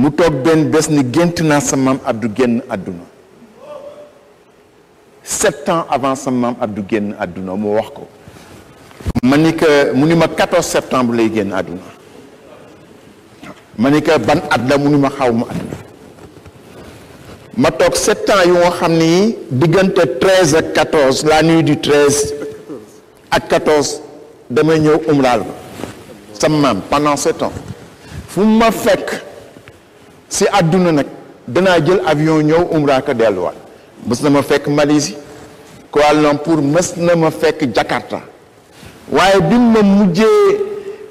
mu toog benn bés ni gént naa sa maam Abdou génn àdduna sept avant sa génn àdduna mu wax ko ma ni que mu ma 14 septembre lay génn àdduna ma ni que ban at la mu ni ma xaw ma at ma toog sept ans yu nga xam ni diggante 13 ak 14 la nuit du 13 ak 14 damay ñëw umraal sama maam pendant sept fu ma fekk si àdduna nag danaa jël avion ñëw umra delluwaat mës na ma fekk Malaisie Kuala Lumpur mës na ma fekk Jakarta waaye bi ma mujjee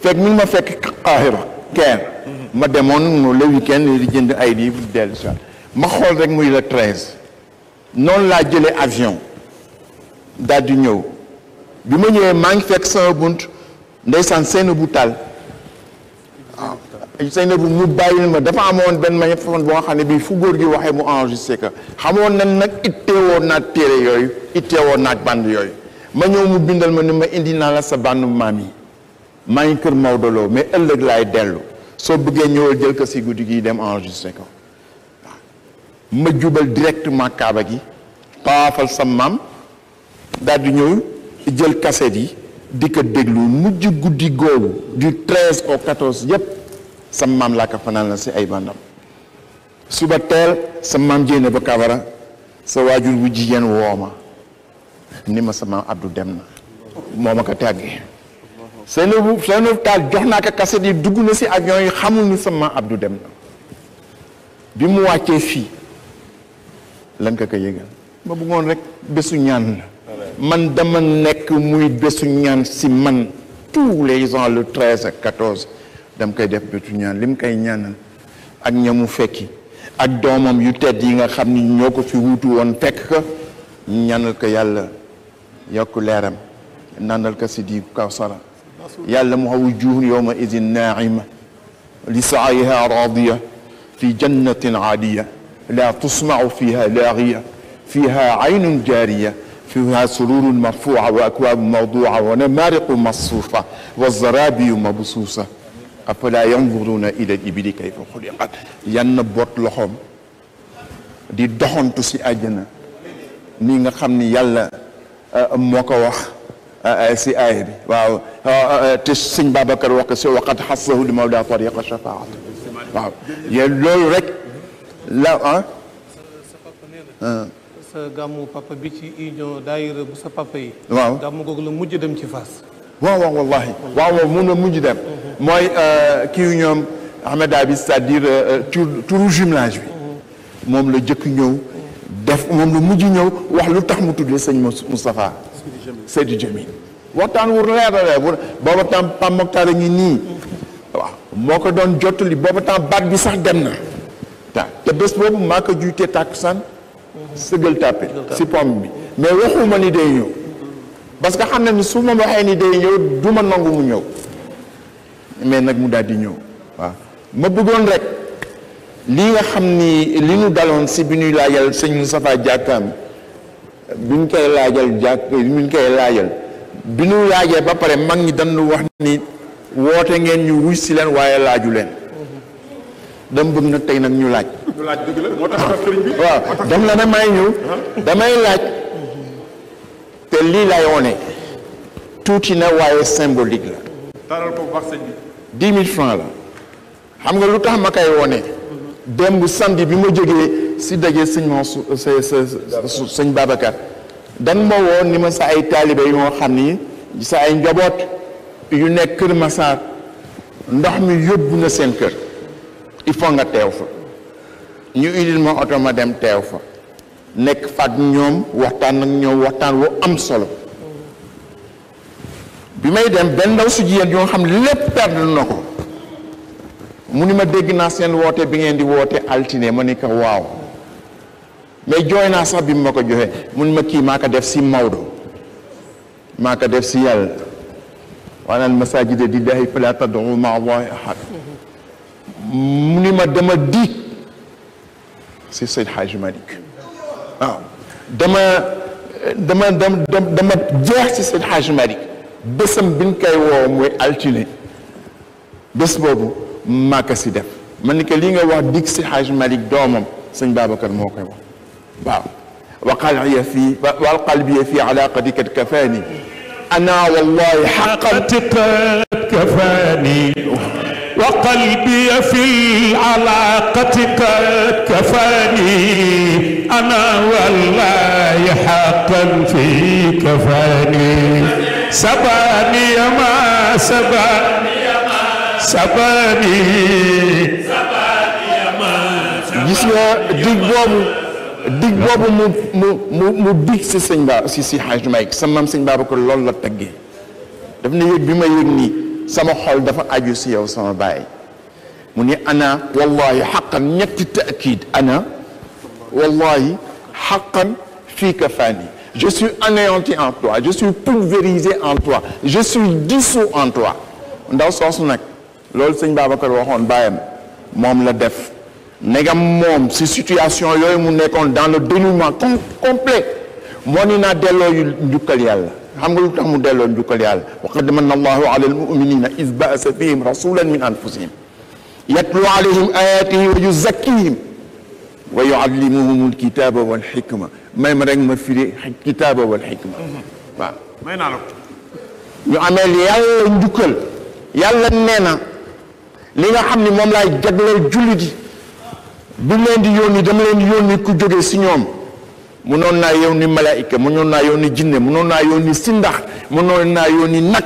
fekk mi ma fekk Qahira Caire mhm. ma demoon le week-end di jënd ay livre dellu si ma xool rek muy le treize noonu laa jële avion daal di ñëw bi ma ñëwee maa ngi fekk sama bunt ndeysaan seen bu taal ne Seynabou mu bàyyil ma dafa amoon benn ma ñëpp foofu boo xam ne bii fu góor gi waxee mu enregistré que xamoon nañ nag itteewoon naaj téere yooyu ite woon naaj band yooyu ma ñëw mu bindal ma ni ma indi naa la sa bànn maam yi maa ngi kër Maodo Lo mais ëllëg laay dellu soo bëggee ñëwal jël ko si guddi gi dem enregistré ko ma jubal directement Kaaba gi tawaafal sa maam daal di ñëw jël kaset yi di ko déglu mujj guddi googu du 13 au 14 yëpp. sa maam laa ko fanaan la si ay bandam ba teel sa maam jéene ba kawara sa waajur bu jigéen wooma ni ma sa maam Abdou dem na moo ma ko tàggee Seynabou Seynabou Tall jox naa ko kaset yi dugg na si avion yi xamul ni sa maam Abdou dem na bi mu wàccee fii lan ko ko yëgal ma bëggoon rek bésu ñaan la man dama nekk muy bésu ñaan si man tous les ans le treize ak dam koy def bëtu ñaan lim koy ñaanal ak ñamu fekki ak doomam yu tedd yi nga xam ni ñoo ko fi wuutu woon fekk ko ñaanal yokk leeram nandal ko si di kawsara yàlla mu xaw juhun yowma idin naaima li saayiha raadiya fi jannatin aaliya laa tusmau fiha laagiya fiha aynun jaariya fiha sururun marfuua wa akwaabun mawduua wa namaariqu masuufa wa zarabiyu mabsuusa afalaa yanzuruna ilal ibili kayfa xuliqat yan na boot loxoom di doxantu si àjjana ni nga xam ni yalla moo ko wax si aaya bi waaw te sëñ wax si waqat xassahu li mawla tariqa shafaat waaw yéen loolu rek la ah sa ah. papa bi ci union daayira bu sa papa yi waaw gàmmu googu la mujj dem ci fas waaw waaw wallahi waaw waaw na mujj dem mooy euh, kii ñoom Ahmada bi cest à euh, tour tour turu jumelage bi moom la jëkk ñëw def moom la mujj ñëw wax lu tax mu tuddee sëñ Moustapha Seydi Jamil waxtaan wur leer a leer booba temps Pam Moctar a ngi nii waaw moo ko doon jottali booba temps baat bi sax dem na ta te bés boobu maa ko juutee tàkkusaan sëgal tàppe si pomm bi mais waxuma ni day ñëw parce que xam na ni su ma waxee ni day ñëw du ma nangu mu ñëw mais nag mu daal di ñëw waaw ma bëggoon rek lii nga xam ni li ñu daloon si bi ñuy laajal sëñ Moustapha jàkkaam bi ñu koy laajal jàkk bi ñu koy laajal bi ñu laajee ba pare mag ñi dañu wax ni woote ngeen ñu wuy si leen waaye laaju leen tey nag ñu laaj. ñu la moo tax sëriñ bi. Ah. damay laaj. te lii laay wone tuuti na waaye symbolique la. dix mille francs la xam nga lu tax ma koy wone démb samedi bi ma jógee si dajee sëñ Mansour euh, sëñ Babacar dan ma woon ni ma sa ay taalibe yoo xam ni sa ay njaboot yu nekk Kër Massar ndox mi yóbbu na seen kër il faut nga teew fa ñu indil ma oto ma dem teew fa nekk fat ñoom waxtaan ak ñoom waxtaan wu am solo bi may dem benn ndaw su jigéen yoo xam lépp perdre na ko mu ni ma dégg naa seen woote bi ngeen di woote altine ma ni ko waaw mais jooy naa sax bi ma ko joxe mu ni ma kii maa ko def si Maodo maa ko def si yàlla waana al masajida lillahi fala tad'u ma'a allahi ahad mu ni ma dama diig si Seydi Hadji Malick waaw dama dama dama dama jeex si Seydi Hadji Malick bésam biñ koy woo muy altine bés boobu màkka si man ni li nga wax dig si xaaj malik doomam sëñ Babacar moo koy wax waaw wa qalbiya fii alaqati kat kafaani ana wallahi xaqati kat kafaani سباني ما سبا سباني gis nga dig boobu dig boobu mu mu mu mu dig si sëñ Ba si si Hadj Malick sa maam sëñ Babacar loolu la teggee daf ne yëg bi ma yëg nii sama xol dafa aju si yow sama baay mu ne ana wallahi xaqan ñetti taakid ana wallahi xaqan fii ka faani je suis anéanti en toi je suis pulvérisé en toi je suis dissous en toi ndaw soosu nag loolu sëñ Babacar waxoon bàyyam moom la def negam moom si situation yooyu mu nekkoon dans le dénouement com complet moo ni naa delloo yu njukkal yàlla xam nga lu tax mu delloo njukkal yàlla wa qad manna allahu ala almuminina iz ba'asa fihim rasulan min anfusihim yatlu alayhim ayatihi wa yuzakkihim wa yuallimuhum alkitaba walhikma may ma rek ma firi kitaaba wal xikma mhm. waaw may naa la ko ñu ameel yàlla njukkal yàlla nee na li nga xam ni moom laay jagleel jullit yi bu leen di yónni dama leen di yónni ku jóge si ñoom noon naa yónni malaayika mënoon naa yónni jinne noon naa yónni sindax mënoon naa yónni nag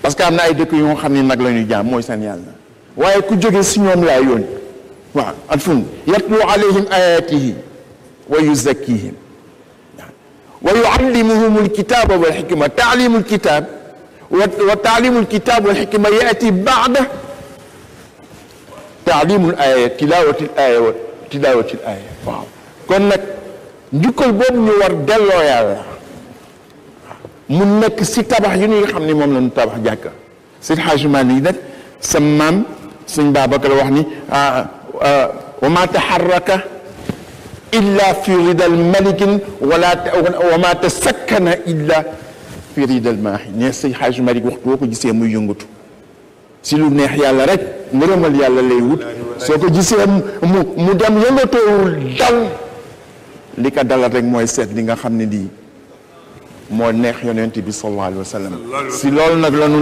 parce que am na ay dëkk yu nga xam ni nag lañuy ñuy jaam mooy seen yàlla waaye ku jóge si ñoom laa yónni waaw at yatlu alayhim ayatihi wa yuzakkihim wa yuallimuhum alkitaba walxikma taalimu alkitab wa taalimu alkitab walxikma yaati baada taalimu alaya tilawati alaya wa tilawati alaya waaw kon nag njukkal boobu ñu war delloo yàlla mu nekk si tabax yu ñuy xam ne moom la ñu tabax jàkka si Xaaj Maalik nag sa maam suñ Babacar wax ni ah, ah, wa ma taxarraka illa fi ridal malikin wala wa ma tasakkana illa fi ridal maahi ne sëñ xaaju malik waxtu boo ko muy yëngatu si lu neex yàlla rek ngërëmal yàlla lay wut soo ko gisee mu mu dem yëngatoowul dal li ko dalal rek mooy seet li nga xam ne lii moo neex yonent bi sallallahu alayhi wa si loolu nag la ñu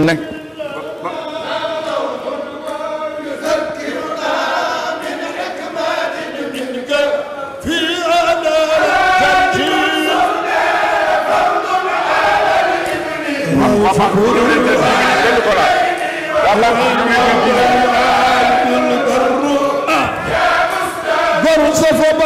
مفقود للقرآن وقليل من الجنان كل قر قر صفا